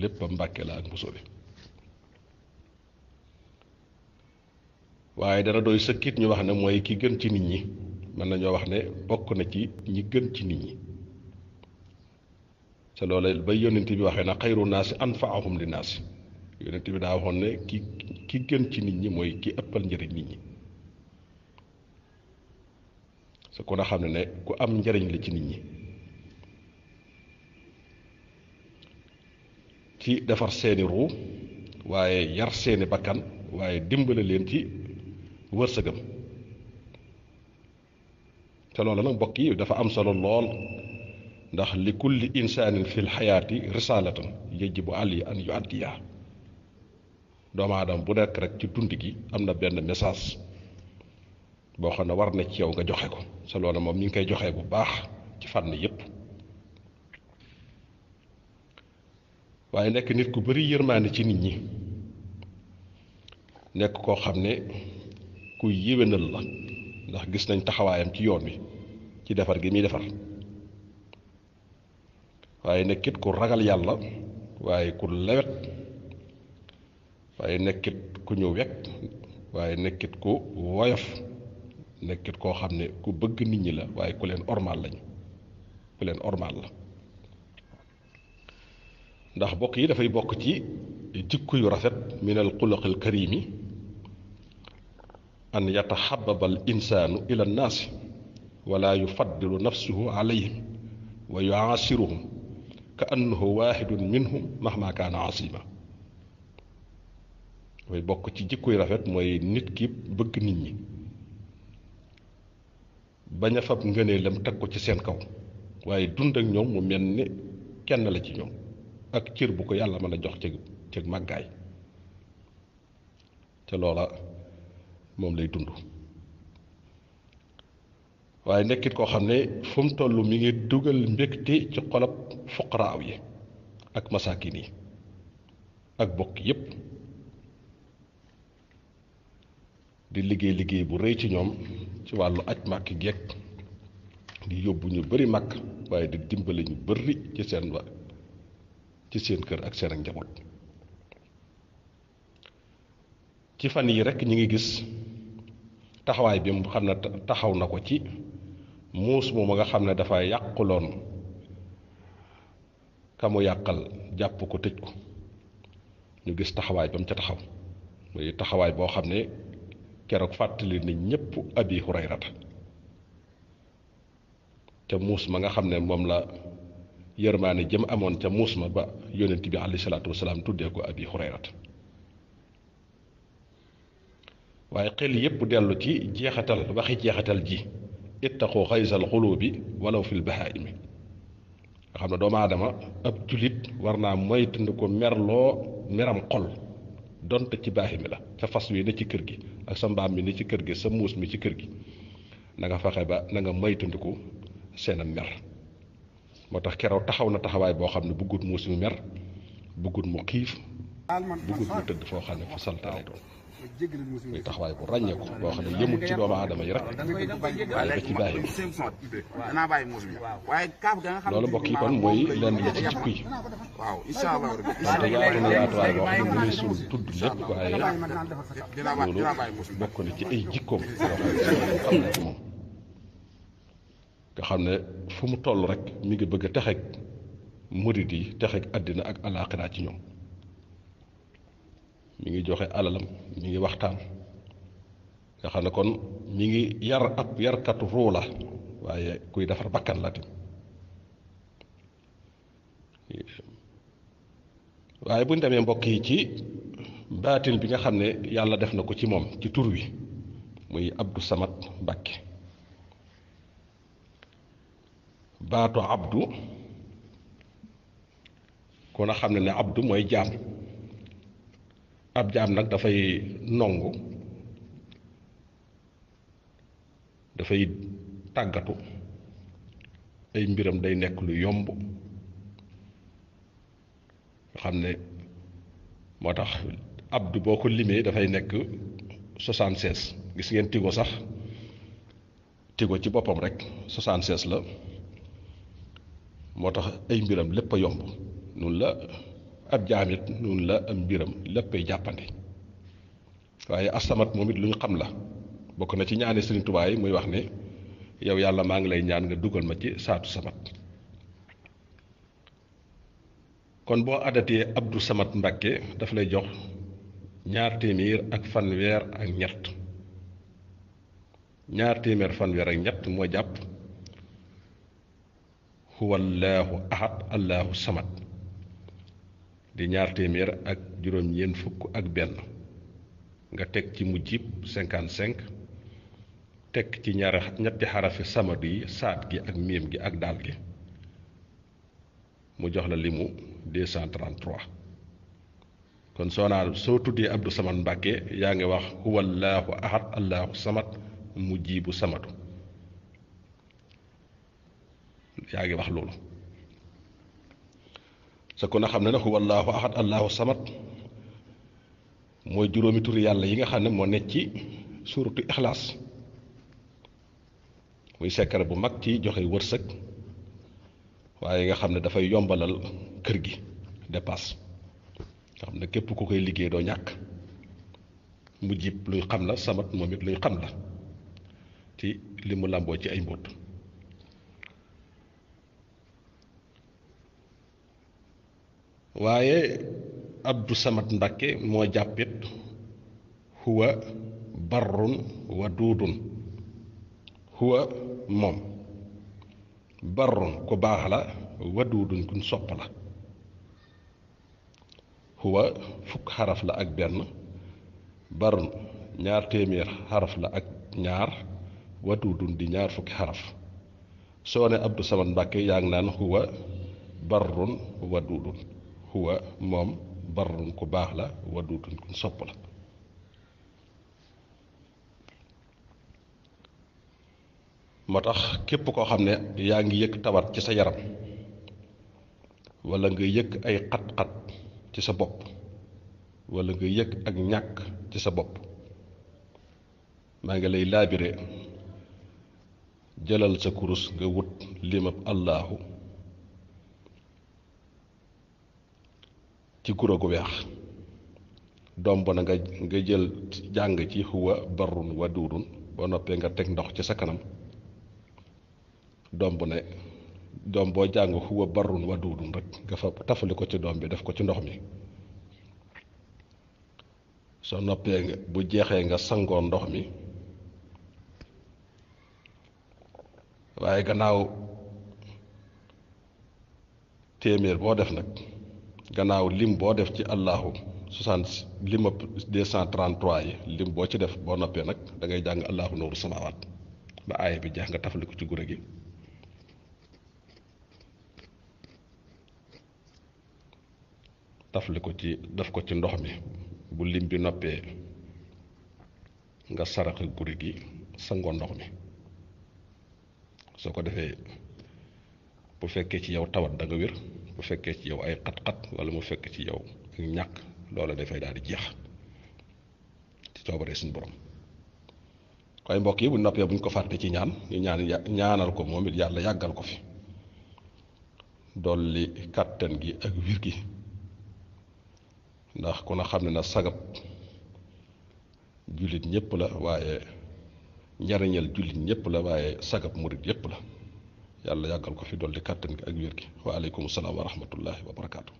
lépp mbàkke la ak mbuso bi waaye dana doy sëkkit ñu wax ne mooy ki gën ci nit ñi mën nañoo wax ne bokk na ci ñi gën ci nit ñi te loola ba yonent bi waxee na xayru naasi anfaahum li naasi yonent bi daa waxoon ne ki ki gën ci nit ñi mooy ki ëppal njëriñ nit ñi su kon na xam ne ne ku am njariñ la ci nit ñi ci defar seeni ru waaye yar seeni bakkan waaye dimbale leen ci wërsëgam te loolu nag mbokk yi dafa am solo lool ndax li kulli insaanin fil xayaati risaalatan yajibu alayhi an yu addiyaa doomu aadama bu nekk rek ci dund gi am na benn message boo xam ne war na ci yow nga joxe ko sa loolu moom ñu ngi koy joxe bu baax ci fànn yépp waaye nekk nit ku bari yërmaande ci nit ñi nekk koo xam ne ku yéwénal la ndax gis nañ taxawaayam ci yoon wi ci defar gi muy defar waaye nekkit ku ragal yàlla waaye ku lewet waaye nekkit ku ñëw wekk waaye nekkit ku woyof nekkit koo xam ne ku bëgg nit ñi la waaye ku leen ormaal lañu ku leen ormaal la ndax bokk yi dafay bokk ci jikko yu rafet min al xuluq al karimi an yataxababa al insaanu ila annaasi wala yufaddilu nafsuhu alayhim wa yuaasiruhum ka annahu bokk ci jikko yu rafet mooy nit ki bëgg nit ñi bañ a fab ngëneelam teg ko ci seen kaw waaye dund ak ñoom mu mel ni kenn la ci ñoom ak cir bu ko yàlla mën a jox cëg cëg màggaay te loola moom lay dund waaye nekkit koo xam ne fu mu mi ngi dugal mbégte ci xolab fuqaraaw yi ak masaakin yi ak bokk yépp di liggéey liggéey bu réy ci ñoom ci wàllu aj màkk geek di yóbbu ñu bari màkk waaye di dimbale ñu bari ci seen ci seen kër ak seen ak njaboot ci fan yi rek ñu ngi gis taxawaay bi mu xam ne taxaw na ko ci muus ma nga xam ne dafa yàquloon ka mu yàqal jàpp ko tëj ko ñu gis taxawaay ba mu ca taxaw muy taxawaay boo xam ne keroog fàttali nit ñépp abi hurayrata te muus ma nga xam ne moom la yërmaane jëm amoon ca muus ma ba yonent bi alayhi salaatu wasalaam tuddee ko abi xurayrat waaye xel yépp dellu ci jeexatal waxi jeexatal ji ittaqu xaysal bi walaw fil bahaimi nga xam ne doomu aadama ab julit war naa moytandi ko merloo meram xol donte ci baaxi mi la sa fas wi ne ci kër gi ak sa mbaam mi ne ci kër gi sa muus mi ci kër gi nanga nga fexe ba na nga moytandiku seenam mer moo tax keroog taxaw na taxawaay boo xam ne bëggut mu suñu mer bëggut mu xiif bëggut mu tëdd foo xam ne fu saltale doon muy taxawaay bu ràññeeku boo xam ne yëmut ci doomu aadama yi rek waaye ba ci bàyyi loolu mbokk yi kon mooy lenn la ci jikko yi wante yaatu na yaatuwaay boo xam ne mu ne suul tudd lépp waaye loolu bokk na ci ay jikkoom yoo xam ne ci nga xam ne fu mu toll rek mi ngi bëgg a texeeg murit yi texeeg àddina ak alaaxiraa ci ñoom mi ngi joxe alalam mi ngi waxtaan nga xam ne kon mi ngi yar ab yarkatu ruu la waaye kuy defar bakkan la tamit waaye bu ñu demee mbokk yi ci baatin bi nga xam ne yàlla def na ko ci moom ci tur wi muy Abdou Samad Mbàkke baatu abdu kon a xam ne ne abdu mooy jaam ab jaam nag dafay nongu dafay tàggatu ay mbiram day nekk lu yomb xam ne moo tax abdu boo ko limee dafay nekk soixante-seize gis ngeen tigo sax tigo ci boppam rek soixante-seize la moo tax ay mbiram lépp a yomb noonu la ab jaamit noonu la am mbiram ay jàppandi waaye asamat moom it lu ñu xam la bokk na ci ñaane Sëriñ tubaay yi muy wax ne yow yàlla maa ngi lay ñaan nga dugal ma ci saatu samat kon boo adatee Abdou Samat Mbàkke daf lay jox ñaar téeméer ak fanweer ak ñett ñaar téeméer fanweer ak ñett moo jàpp huwallaahu ahad allahu samad di ñaar téeméer ak juróom ñeent fukk ak benn nga teg ci mujjib 55 teg ci ñaar ñetti xarafi samadu yi saat gi ak miim gi ak daal gi mu jox la limu 233 kon soo naa soo tuddee Abdou Samad Mbàkke yaa ngi wax huwallaahu ahad allahu samad mujjibu samadu yaa ngi wax loolu sa kon na xam ne na huwa allaahu ahad allaahu samad mooy juróomi turi yàlla yi nga xam ne moo nekk ci suuratu ixlaas muy sekkare bu mag ci joxe wërsëg waaye nga xam ne dafay yombalal kër gi dépasse nga xam ne képp ku koy liggéey doo ñàkk mu jib luy xam la samat moom it luy xam la ci li mu làmboo ci ay mbóot waaye Abdou samat Mbakke moo jàppit huwa barrun wa duudun huwa moom barrun ku baax la wa duudun kuñ sopp la huwa fukk xaraf la ak benn barrun ñaar téeméer xaraf la ak ñaar wa duudun di ñaar fukki xaraf soo ne Abdou Samad Mbakke yaa ngi naan huwa barrun wa duudun huwa moom barrun ku baax la waduutun ku sopp la moo tax képp koo xam ne yaa ngi yëg tawat ci sa yaram walla nga yëg ay xat-xat ci sa bopp wala nga yëg ak ñàkk ci sa bopp maa ngi lay laabire jëlal sa kurus nga wut limab allahu ci guro gu weex doom ba na nga nga jël jàng ci huwa barrun waduudun boo noppee nga teg ndox ci sa kanam doom bu ne doom boo jàng huwa barrun waduudun rek nga fa tafali ko ci doom bi def ko ci ndox mi soo noppee bu jeexee nga sangoo ndox mi waaye gannaaw téeméer boo def nag gannaaw lim boo def ci allahu soixante limab deux cent trente trois yi lim boo ci def boo noppee nag da ngay jàng allahu nuuru samawaat ba aaya bi jeex nga tafaliku ci gure gi tafli ko ci def ko ci ndox mi bu lim bi noppee nga sarax guri gi sa sangoo ndox mi soo ko defee bu fekkee ci yow tawat danga nga wér bu fekkee ci yow ay xat-xat wala mu fekk ci yow ak ñàkk loola dafay daal di jeex ci coobaree suñu borom waaye mbokk yi bu noppee bu ñu ko fàtte ci ñaan ñu ñaan ñaanal ko moom it yàlla yàggal ko fi dolli kàttan gi ak wir gi ndax ku na xam ne na sagab jullit ñëpp la waaye njariñal jullit ñëpp la waaye sagab murit yëpp la yàlla yàggal ko fi dolli kàttan ak wér gi wa aleykum salaam wa rahmatullahi wa barakaatu.